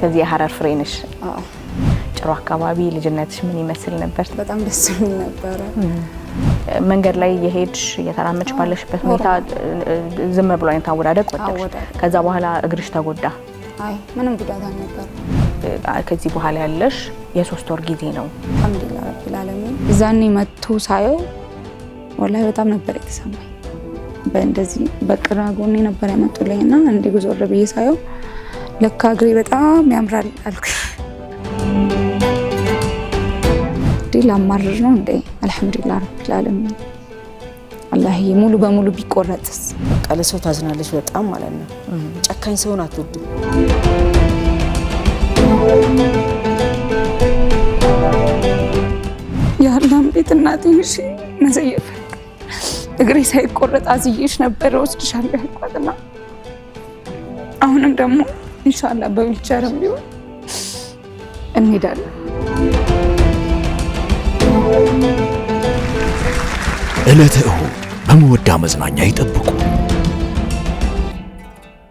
ከዚህ የሀረር ፍሬ ነሽ። ጭሮ አካባቢ ልጅነትሽ ምን ይመስል ነበር? በጣም ደስ የሚል ነበረ። መንገድ ላይ የሄድሽ እየተራመድሽ ባለሽበት ሁኔታ ዝም ብሎ አይነት አወዳደቅ ወደቅሽ። ከዛ በኋላ እግርሽ ተጎዳ? አይ ምንም ጉዳት አልነበር። ከዚህ በኋላ ያለሽ የሶስት ወር ጊዜ ነው። አልሐምዱሊላህ ረቢል ዓለሚን። እዛኔ መጥቶ ሳየው ወላሂ በጣም ነበር የተሰማኝ። በእንደዚህ በቅራ ጎኔ ነበር ያመጡልኝና እንዲህ ጉዞ ብዬ ሳየው ለካ እግሬ በጣም ያምራል አልኩ። እንዲህ ላማርር ነው እንዴ? አልሐምዱሊላህ ረቢል ዓለሚን። አላህ ሙሉ በሙሉ ቢቆረጥስ? ቀለሰው ታዝናለች በጣም ማለት ነው። ጨካኝ ሰውን አትወድም። የአላም ቤት እናትሽ መዘየፈ እግሬ ሳይቆረጥ አዝዬሽ ነበረ ወስድሻለሁ ያልኳትና አሁንም ደግሞ ኢንሻላ በዊልቸርም ቢሆን እንሄዳለን። ዕለተ እሁድ በመወዳ መዝናኛ ይጠብቁ።